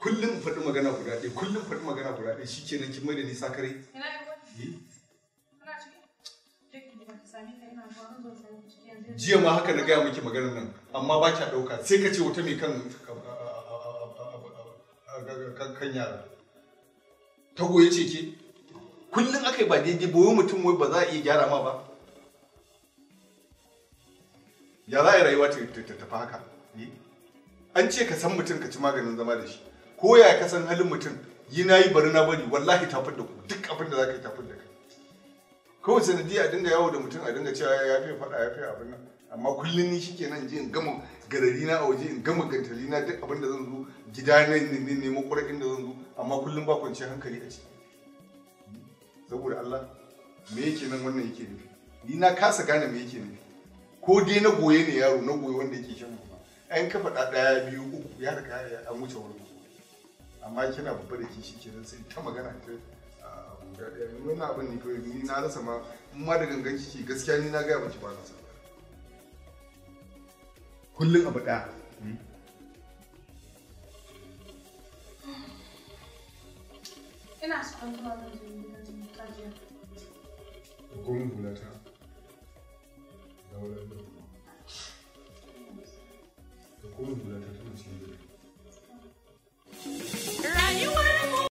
kullum faɗi magana guda ɗaya kullum faɗi magana guda ɗaya shi kenan kin mai da nisa kare jiya ma haka na gaya miki maganar nan amma ba kya ɗauka sai ka ce wata mai kan kan yara ta goye ce ke kullum aka yi ba daidai ba boye mutum wai ba za a iya gyara ma ba ya za a yi rayuwa ta tafi haka an ce ka san mutum ka ci maganin zama da shi ko ya ka san halin mutum yi na yi bari na bari wallahi tafin da ku duk abin da za ka yi tafin da kai kawai sanadiyya a dinga yawo da mutum a dinga cewa ya fi faɗa ya fi abin nan amma kullum ni shi kenan je in gama garari na a waje in gama gantali na duk abin da zan zo gida na ne nemo ƙwarƙin da zan zo amma kullum ba kwanciyar hankali a ciki saboda Allah me yake nan wannan yake nufi ni na kasa gane me yake nufi ko dai na goye ne yaro na goye wanda yake shan mu an kafa da daya biyu uku ya riga an wuce wurin amma kina babba da kishi kenan sai ta magana ta ah, wani abin ne kawai ni na rasa ma ma da gangan kike gaskiya ni na gaya miki ba na sanar kullum abu ɗaya hmm? ina so an kuma mun ji kajiya gungun ta 我为了他这么辛苦。